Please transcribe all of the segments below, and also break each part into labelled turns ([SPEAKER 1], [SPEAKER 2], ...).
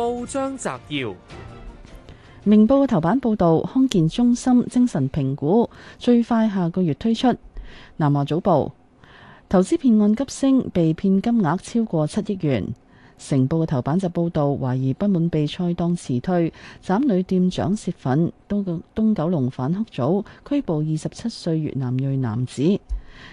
[SPEAKER 1] 報章摘要：明報嘅頭版報道，康健中心精神評估最快下個月推出。南華早報投資騙案急升，被騙金額超過七億元。成報嘅頭版就報道，懷疑不滿被菜檔辭退，斬女店長洩憤，東九、東九龍反黑組拘捕二十七歲越南裔男子。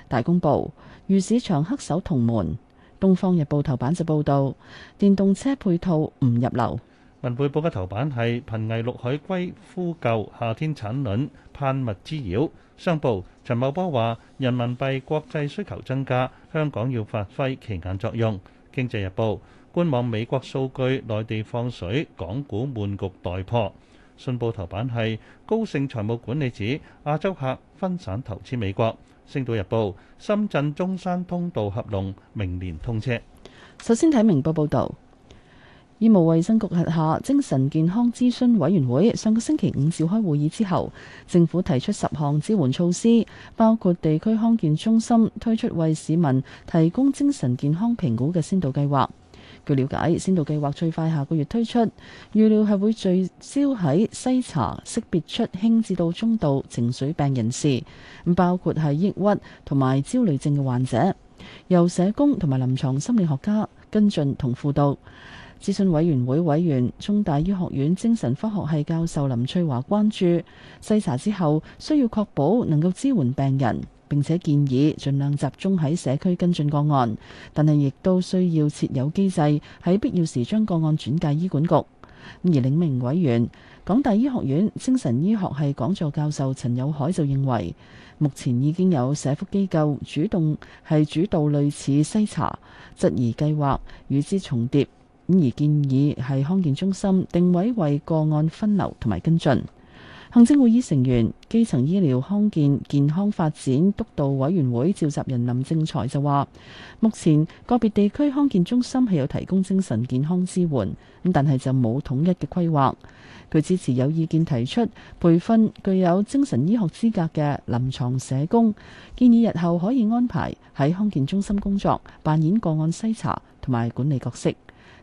[SPEAKER 1] 大公報如市場黑手同門。《東方日報》頭版就報道，電動車配套唔入流。
[SPEAKER 2] 《文匯報》嘅頭版係《瀕危陸海龜呼救，夏天產卵盼物之擾》。商報陳茂波話，人民幣國際需求增加，香港要發揮期間作用。《經濟日報》觀望美國數據，內地放水，港股悶局待破。信報頭版係高盛財務管理指亞洲客分散投資美國。星島日報，深圳中山通道合龍，明年通車。
[SPEAKER 1] 首先睇明報報導，醫務衛生局轄下精神健康諮詢委員會上個星期五召開會議之後，政府提出十項支援措施，包括地區康健中心推出為市民提供精神健康評估嘅先導計劃。據了解，先導計劃最快下個月推出，預料係會聚焦喺篩查識別出輕至到中度情緒病人士，包括係抑鬱同埋焦慮症嘅患者，由社工同埋臨床心理學家跟進同輔導。諮詢委員會委員、中大醫學院精神科學系教授林翠華關注，篩查之後需要確保能夠支援病人。並且建議盡量集中喺社區跟進個案，但係亦都需要設有機制喺必要時將個案轉介醫管局。而另一名委員，港大醫學院精神醫學系講座教授陳友凱就認為，目前已經有社福機構主動係主導類似篩查，質疑計劃與之重疊，咁而建議係康健中心定位為個案分流同埋跟進。行政會議成員、基層醫療康健健康發展督導委員會召集人林正財就話：目前個別地區康健中心係有提供精神健康支援，咁但係就冇統一嘅規劃。佢支持有意見提出培訓具有精神醫學資格嘅臨床社工，建議日後可以安排喺康健中心工作，扮演個案篩查同埋管理角色。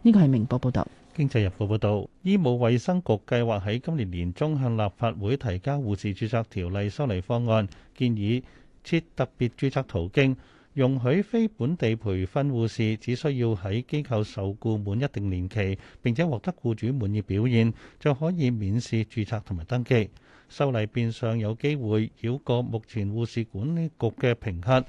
[SPEAKER 1] 呢個係明報報道。
[SPEAKER 2] 經濟日報報導，醫務衛生局計劃喺今年年中向立法會提交護士註冊條例修例方案，建議設特別註冊途徑，容許非本地培訓護士只需要喺機構受雇滿一定年期，並且獲得雇主滿意表現，就可以免試註冊同埋登記。修例變相有機會繞過目前護士管理局嘅評核。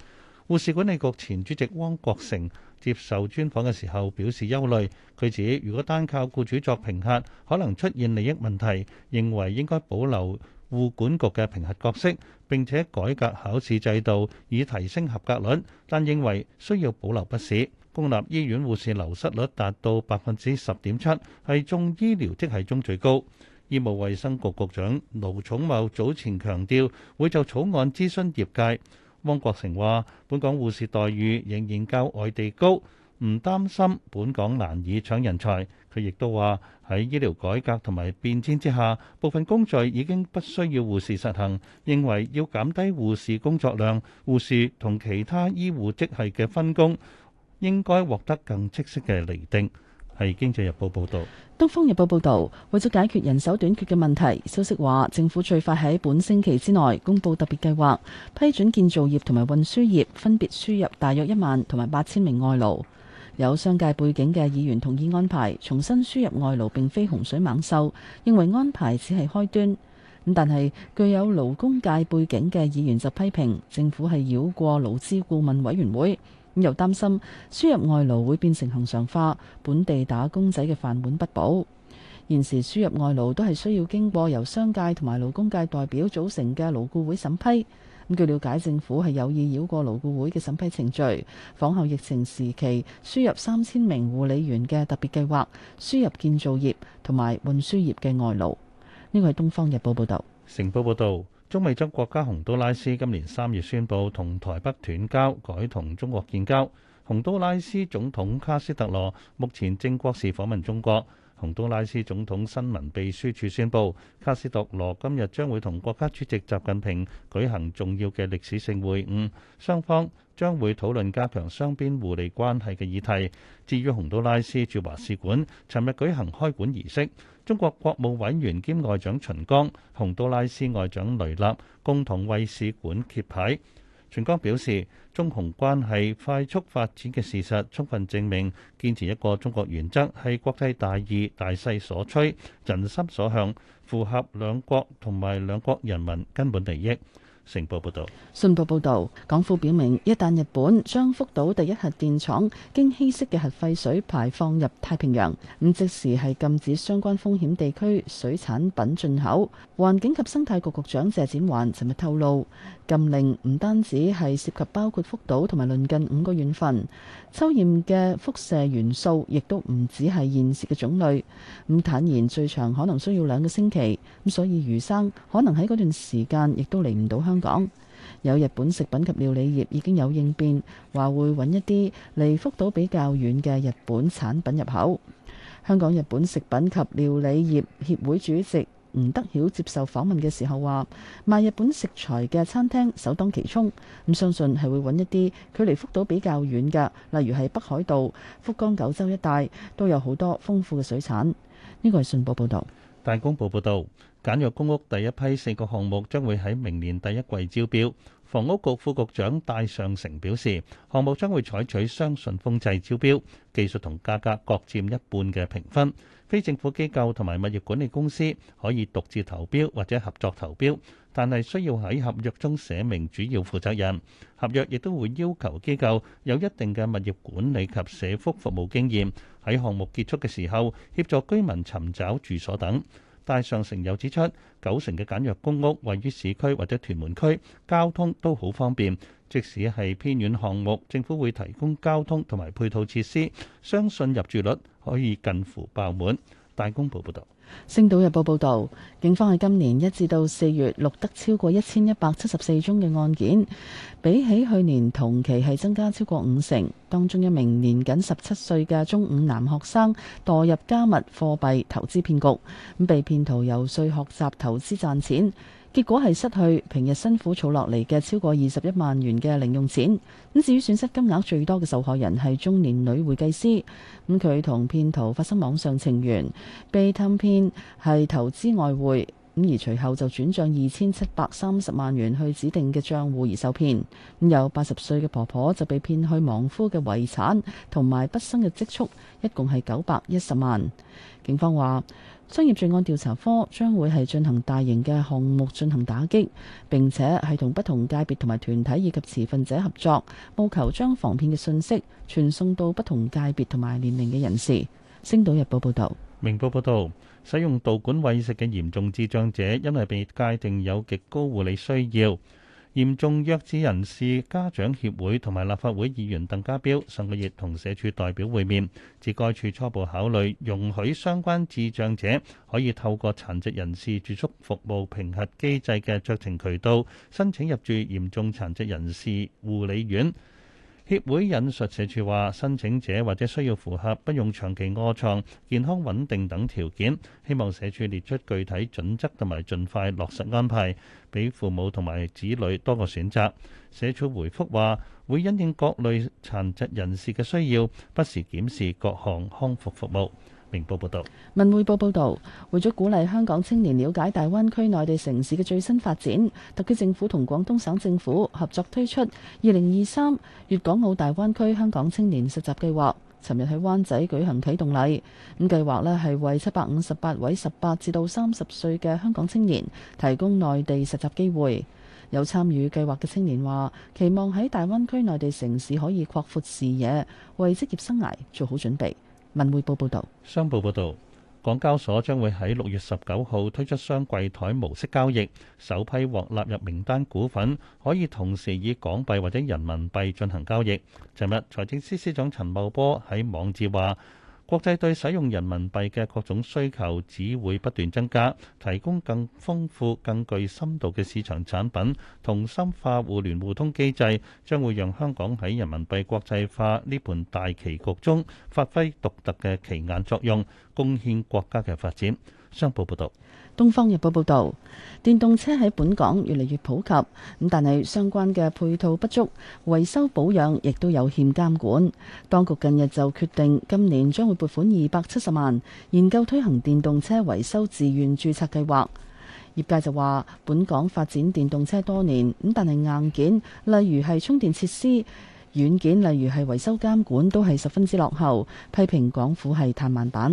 [SPEAKER 2] 護士管理局前主席汪國成接受專訪嘅時候表示憂慮，佢指如果單靠雇主作評核，可能出現利益問題，認為應該保留護管局嘅評核角色，並且改革考試制度以提升合格率，但認為需要保留筆試。公立醫院護士流失率，率達到百分之十點七，係眾醫療職系中最高。醫務衛生局局長盧寵茂早前強調，會就草案諮詢業界。汪國成話本港護士待遇仍然較外地高，唔擔心本港難以搶人才。佢亦都話喺醫療改革同埋變遷之下，部分工序已經不需要護士實行，認為要減低護士工作量，護士同其他醫護職系嘅分工應該獲得更清晰嘅釐定。係《經濟日報》報道。
[SPEAKER 1] 《東方日報》報道，為咗解決人手短缺嘅問題，消息話政府最快喺本星期之內公布，特別計劃，批准建造業同埋運輸業分別輸入大約一萬同埋八千名外勞。有商界背景嘅議員同意安排重新輸入外勞，並非洪水猛獸，認為安排只係開端。咁但係具有勞工界背景嘅議員就批評政府係繞過勞資顧問委員會。咁又擔心輸入外勞會變成恒常化，本地打工仔嘅飯碗不保。現時輸入外勞都係需要經過由商界同埋勞工界代表組成嘅勞顧會審批。咁據了解，政府係有意繞過勞顧會嘅審批程序，仿效疫情時期輸入三千名護理員嘅特別計劃，輸入建造業同埋運輸業嘅外勞。呢個係《東方日報》報導，
[SPEAKER 2] 《成報》報導。中美洲國家洪都拉斯今年三月宣布同台北斷交，改同中國建交。洪都拉斯總統卡斯特羅目前正國事訪問中國。洪都拉斯總統新聞秘書處宣布，卡斯特羅今日將會同國家主席習近平舉行重要嘅歷史性會晤，雙方將會討論加強雙邊互利關係嘅議題。至於洪都拉斯駐華使館，尋日舉行開館儀式。中國國務委員兼外長秦剛、洪都拉斯外長雷納共同為使館揭牌。秦剛表示，中洪關係快速發展嘅事實，充分證明堅持一個中國原則係國際大義、大勢所趨、人心所向，符合兩國同埋兩國人民根本利益。信報報導，
[SPEAKER 1] 信報報導，港府表明，一旦日本將福島第一核電廠經稀釋嘅核廢水排放入太平洋，咁即時係禁止相關風險地區水產品進口。環境及生態局局長謝展寰尋日透露，禁令唔單止係涉及包括福島同埋鄰近五個縣份，抽驗嘅輻射元素亦都唔止係現時嘅種類。咁坦言，最長可能需要兩個星期，咁所以魚生可能喺嗰段時間亦都嚟唔到香港。香港有日本食品及料理業已經有應變，話會揾一啲離福島比較遠嘅日本產品入口。香港日本食品及料理業協會主席吳德曉接受訪問嘅時候話，賣日本食材嘅餐廳首當其衝，咁相信係會揾一啲距離福島比較遠嘅，例如係北海道、福岡、九州一帶，都有好多豐富嘅水產。呢個係信報報道。
[SPEAKER 2] 大公報報道。簡約公屋第一批四個項目將會喺明年第一季招標。房屋局副局長戴尚成表示，項目將會採取雙信封制招標，技術同價格各佔一半嘅評分。非政府機構同埋物業管理公司可以獨自投標或者合作投標，但係需要喺合約中寫明主要負責人。合約亦都會要求機構有一定嘅物業管理及社福服務經驗，喺項目結束嘅時候協助居民尋找住所等。大上城又指出，九成嘅簡約公屋位於市區或者屯門區，交通都好方便。即使係偏遠項目，政府會提供交通同埋配套設施，相信入住率可以近乎爆滿，大公報報道。
[SPEAKER 1] 星島日報報道，警方喺今年一至到四月錄得超過一千一百七十四宗嘅案件，比起去年同期係增加超過五成。當中一名年僅十七歲嘅中五男學生墮入加密貨幣投資騙局，咁被騙徒遊說學習投資賺錢。結果係失去平日辛苦儲落嚟嘅超過二十一萬元嘅零用錢。咁至於損失金額最多嘅受害人係中年女會計師，咁佢同騙徒發生網上情緣，被氹騙係投資外匯。咁而隨後就轉賬二千七百三十萬元去指定嘅賬戶而受騙，咁有八十歲嘅婆婆就被騙去亡夫嘅遺產同埋畢生嘅積蓄，一共係九百一十萬。警方話，商業罪案調查科將會係進行大型嘅項目進行打擊，並且係同不同界別同埋團體以及持份者合作，務求將防騙嘅訊息傳送到不同界別同埋年齡嘅人士。星島日報報道，
[SPEAKER 2] 明報報道。使用導管餵食嘅嚴重智障者，因為被界定有極高護理需要，嚴重弱智人士家長協會同埋立法會議員鄧家彪上個月同社署代表會面，致該處初步考慮容許相關智障者可以透過殘疾人士住宿服務評核機制嘅酌情渠道申請入住嚴重殘疾人士護理院。協會引述社署話：申請者或者需要符合不用長期卧床、健康穩定等條件，希望社署列出具體準則同埋盡快落實安排，俾父母同埋子女多個選擇。社署回覆話：會因應各類殘疾人士嘅需要，不時檢視各項康復服務。明報報導，
[SPEAKER 1] 文匯報報導，為咗鼓勵香港青年了解大灣區內地城市嘅最新發展，特區政府同廣東省政府合作推出二零二三粵港澳大灣區香港青年實習計劃，尋日喺灣仔舉行啟動禮。咁計劃咧係為七百五十八位十八至到三十歲嘅香港青年提供內地實習機會。有參與計劃嘅青年話，期望喺大灣區內地城市可以擴闊視野，為職業生涯做好準備。文匯報報道，
[SPEAKER 2] 商報報道，港交所將會喺六月十九號推出雙櫃台模式交易，首批獲納入名單股份，可以同時以港幣或者人民幣進行交易。尋日，財政司司長陳茂波喺網誌話。國際對使用人民幣嘅各種需求只會不斷增加，提供更豐富、更具深度嘅市場產品，同深化互聯互通機制，將會讓香港喺人民幣國際化呢盤大棋局中發揮獨特嘅棋眼作用，貢獻國家嘅發展。商報報導，
[SPEAKER 1] 《東方日報》報導，電動車喺本港越嚟越普及，咁但係相關嘅配套不足，維修保養亦都有欠監管。當局近日就決定，今年將會撥款二百七十萬，研究推行電動車維修自願註冊計劃。業界就話，本港發展電動車多年，咁但係硬件，例如係充電設施，軟件，例如係維修監管，都係十分之落後。批評港府係太慢板。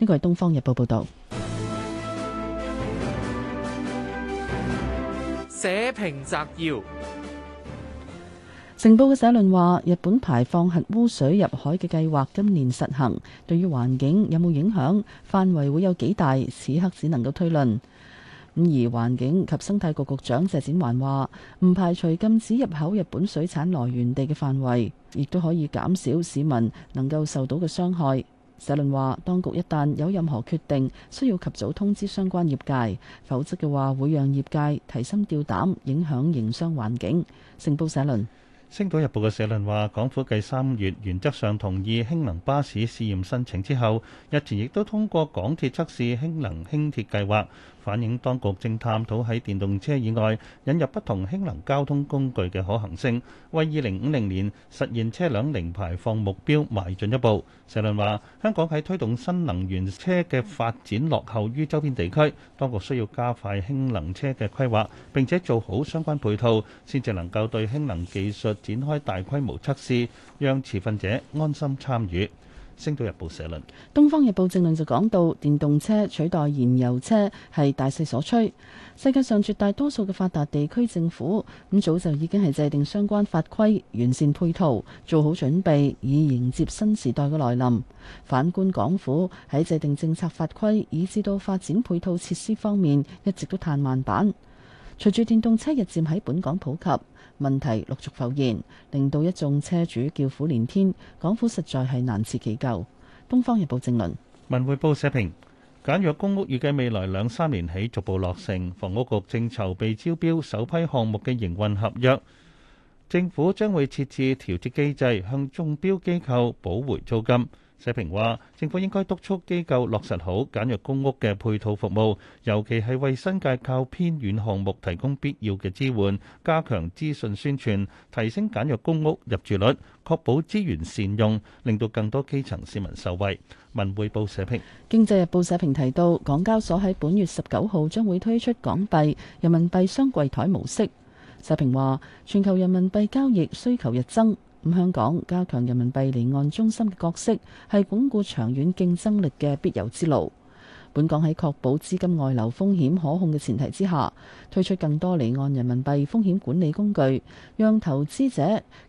[SPEAKER 1] 呢個係《東方日報》報導。
[SPEAKER 2] 社評摘要，
[SPEAKER 1] 成報嘅社論話，日本排放核污水入海嘅計劃今年實行，對於環境有冇影響，範圍會有幾大，此刻只能夠推論。咁而環境及生態局局長謝展寰話，唔排除禁止入口日本水產來源地嘅範圍，亦都可以減少市民能夠受到嘅傷害。社論話，當局一旦有任何決定，需要及早通知相關業界，否則嘅話會讓業界提心吊膽，影響營商環境。成報社論，
[SPEAKER 2] 星島日報嘅社論話，港府繼三月原則上同意氫能巴士試驗申請之後，日前亦都通過港鐵測試氫能輕鐵計劃。反映當局正探討喺電動車以外引入不同氫能交通工具嘅可行性，為二零五零年實現車輛零排放目標邁進一步。社論話：香港喺推動新能源車嘅發展落後於周邊地區，當局需要加快氫能車嘅規劃，並且做好相關配套，先至能夠對氫能技術展開大規模測試，讓持份者安心參與。《星島日報》社論，
[SPEAKER 1] 《東方日報》政論就講到，電動車取代燃油車係大勢所趨。世界上絕大多數嘅發達地區政府咁早就已經係制定相關法規，完善配套，做好準備，以迎接新時代嘅來臨。反觀港府喺制定政策法規，以至到發展配套設施方面，一直都嘆慢板。隨住電動車日漸喺本港普及，問題陸續浮現，令到一眾車主叫苦連天，港府實在係難辭其咎。《東方日報》正論，
[SPEAKER 2] 《文匯報》社評：簡約公屋預計未來兩三年起逐步落成，房屋局正籌備招標首批項目嘅營運合約，政府將會設置調節機制，向中標機構補回租金。社評話，政府應該督促機構落實好簡約公屋嘅配套服務，尤其係為新界較偏遠項目提供必要嘅支援，加強資訊宣傳，提升簡約公屋入住率，確保資源善用，令到更多基層市民受惠。文匯報社評。
[SPEAKER 1] 《經濟日報》社評提到，港交所喺本月十九號將會推出港幣、人民幣雙櫃台模式。社評話，全球人民幣交易需求日增。香港加強人民幣離岸中心嘅角色，係鞏固長遠競爭力嘅必由之路。本港喺確保資金外流風險可控嘅前提之下，推出更多離岸人民幣風險管理工具，讓投資者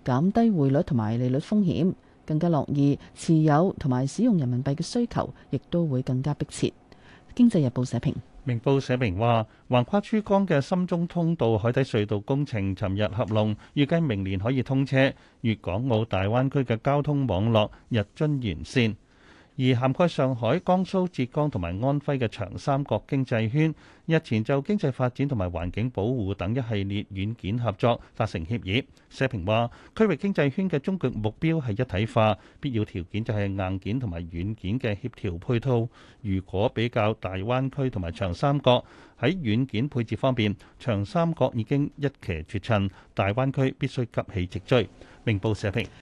[SPEAKER 1] 減低匯率同埋利率風險，更加樂意持有同埋使用人民幣嘅需求，亦都會更加迫切。經濟日報社評。
[SPEAKER 2] 明報社明話，橫跨珠江嘅深中通道海底隧道工程尋日合龍，預計明年可以通車，粵港澳大灣區嘅交通網絡日臻完善。而涵蓋上海、江蘇、浙江同埋安徽嘅長三角經濟圈，日前就經濟發展同埋環境保護等一系列軟件合作達成協議。社評話，區域經濟圈嘅終極目標係一體化，必要條件就係硬件同埋軟件嘅協調配套。如果比較大灣區同埋長三角喺軟件配置方面，長三角已經一騎絕塵，大灣區必須急起直追。明報社評。